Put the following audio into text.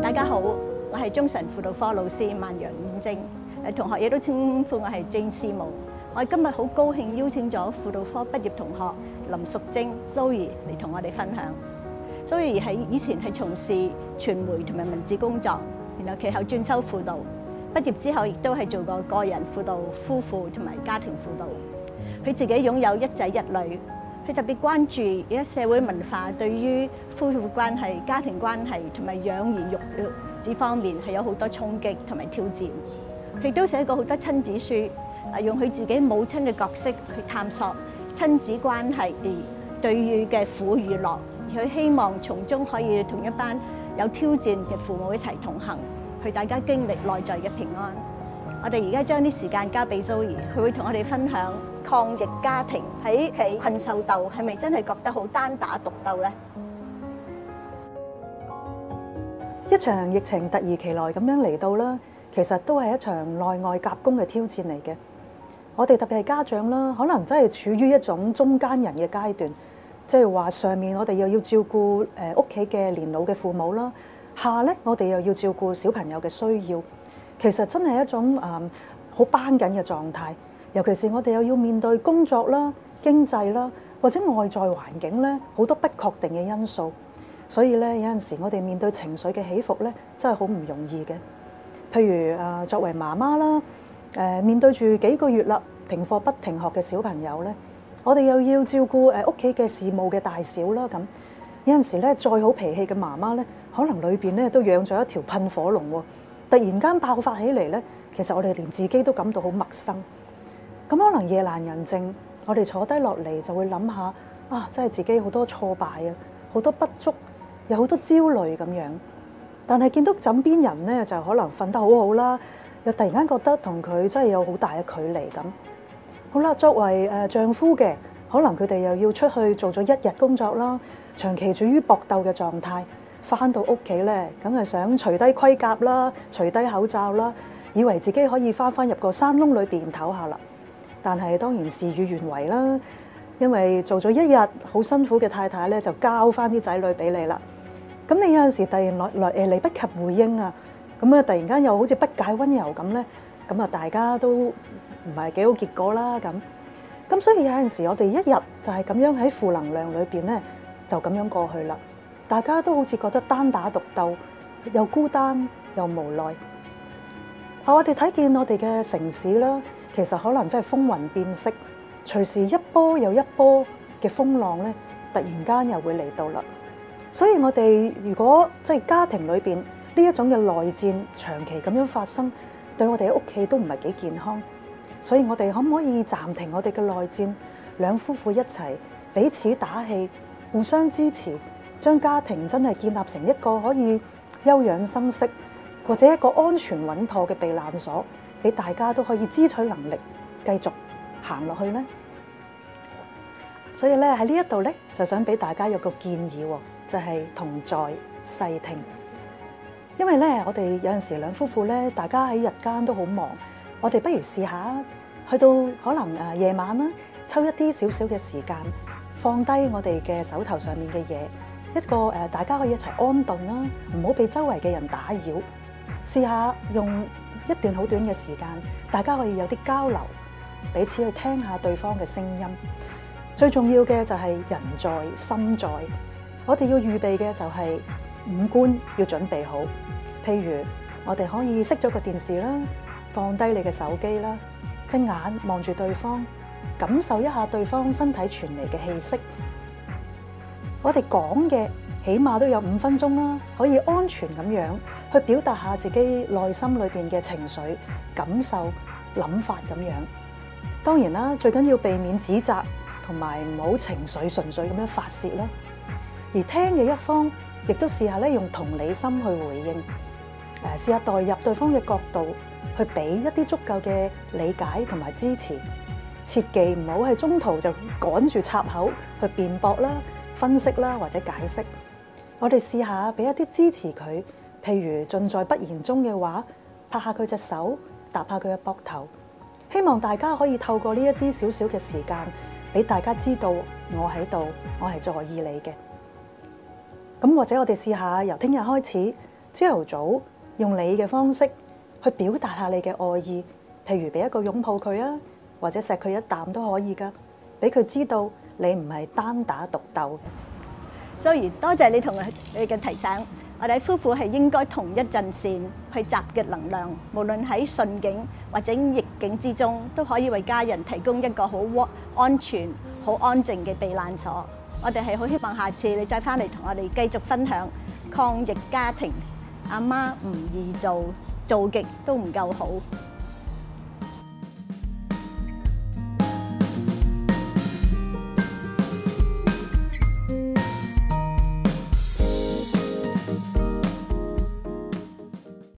大家好，我係中神輔導科老師萬楊晶，誒同學亦都稱呼我係鄭師母。我今日好高興邀請咗輔導科畢業同學林淑貞、周怡嚟同我哋分享。周怡喺以前係從事傳媒同埋文字工作，然後其後轉修輔導，畢業之後亦都係做過個人輔導、夫婦同埋家庭輔導。佢自己擁有一仔一女。佢特別關注而家社會文化對於夫婦關係、家庭關係同埋養兒育子方面係有好多衝擊同埋挑戰。佢都寫過好多親子書，啊，用佢自己母親嘅角色去探索親子關係而對於嘅苦與樂。佢希望從中可以同一班有挑戰嘅父母一齊同行，去大家經歷內在嘅平安。我哋而家將啲時間交俾 Joey，佢會同我哋分享抗逆家庭喺家困獸鬥，係咪真係覺得好單打獨鬥呢？一場疫情突如其來咁樣嚟到啦，其實都係一場內外夾攻嘅挑戰嚟嘅。我哋特別係家長啦，可能真係處於一種中間人嘅階段，即係話上面我哋又要照顧誒屋企嘅年老嘅父母啦，下咧我哋又要照顧小朋友嘅需要。其實真係一種誒好繃緊嘅狀態，尤其是我哋又要面對工作啦、經濟啦，或者外在環境咧好多不確定嘅因素，所以咧有陣時我哋面對情緒嘅起伏咧真係好唔容易嘅。譬如誒作為媽媽啦，誒面對住幾個月啦停課不停學嘅小朋友咧，我哋又要照顧誒屋企嘅事務嘅大小啦，咁有陣時咧再好脾氣嘅媽媽咧，可能裏邊咧都養咗一條噴火龍喎。突然間爆發起嚟咧，其實我哋連自己都感到好陌生。咁可能夜闌人靜，我哋坐低落嚟就會諗下，啊，真係自己好多挫敗啊，好多不足，有好多焦慮咁樣。但係見到枕邊人咧，就可能瞓得好好啦，又突然間覺得同佢真係有好大嘅距離咁。好啦，作為誒丈夫嘅，可能佢哋又要出去做咗一日工作啦，長期處於搏鬥嘅狀態。翻到屋企咧，梗係想除低盔甲啦，除低口罩啦，以為自己可以翻翻入個山窿裏邊唞下啦。但係當然事與願違啦，因為做咗一日好辛苦嘅太太咧，就交翻啲仔女俾你啦。咁你有陣時突然來來誒，嚟不及回應啊。咁啊，突然間又好似不解溫柔咁咧。咁啊，大家都唔係幾好結果啦。咁咁所以有陣時我哋一日就係咁樣喺負能量裏邊咧，就咁樣過去啦。大家都好似覺得單打獨鬥，又孤單又無奈，啊，我哋睇見我哋嘅城市啦，其實可能真係風雲變色，隨時一波又一波嘅風浪咧，突然間又會嚟到啦。所以我哋如果即係、就是、家庭裏面呢一種嘅內戰長期咁樣發生，對我哋喺屋企都唔係幾健康。所以我哋可唔可以暫停我哋嘅內戰，兩夫婦一齊彼此打氣，互相支持。將家庭真係建立成一個可以休養生息，或者一個安全穩妥嘅避難所，俾大家都可以支取能力繼續行落去呢。所以咧，喺呢一度咧，就想俾大家有個建議，就係同在細聽。因為咧，我哋有陣時兩夫婦咧，大家喺日間都好忙，我哋不如試下去到可能夜晚啦，抽一啲少少嘅時間，放低我哋嘅手頭上面嘅嘢。一個誒，大家可以一齊安頓啦，唔好被周圍嘅人打擾。試下用一段好短嘅時間，大家可以有啲交流，彼此去聽下對方嘅聲音。最重要嘅就係人在心在。我哋要預備嘅就係五官要準備好，譬如我哋可以熄咗個電視啦，放低你嘅手機啦，睜眼望住對方，感受一下對方身體傳嚟嘅氣息。.我哋講嘅起碼都有五分鐘啦，可以安全咁樣去表達下自己內心裏邊嘅情緒、感受、諗法咁樣。當然啦，最緊要避免指責，同埋唔好情緒純粹咁樣發洩啦。而聽嘅一方，亦都試下咧，用同理心去回應，誒，試下代入對方嘅角度，去俾一啲足夠嘅理解同埋支持。切記唔好喺中途就趕住插口去辯駁啦。分析啦，或者解釋，我哋試下俾一啲支持佢，譬如盡在不言中嘅話，拍下佢隻手，搭下佢嘅膊頭，希望大家可以透過呢一啲少少嘅時間，俾大家知道我喺度，我係在意你嘅。咁或者我哋試下由聽日開始，朝頭早用你嘅方式去表達下你嘅愛意，譬如俾一個擁抱佢啊，或者錫佢一啖都可以噶，俾佢知道。你唔係單打獨鬥，所以多謝你同佢嘅提醒。我哋夫婦係應該同一陣線去集結能量，無論喺順境或者逆境之中，都可以為家人提供一個好安全、好安靜嘅避難所。我哋係好希望下次你再翻嚟同我哋繼續分享抗逆家庭。阿媽唔易做，做極都唔夠好。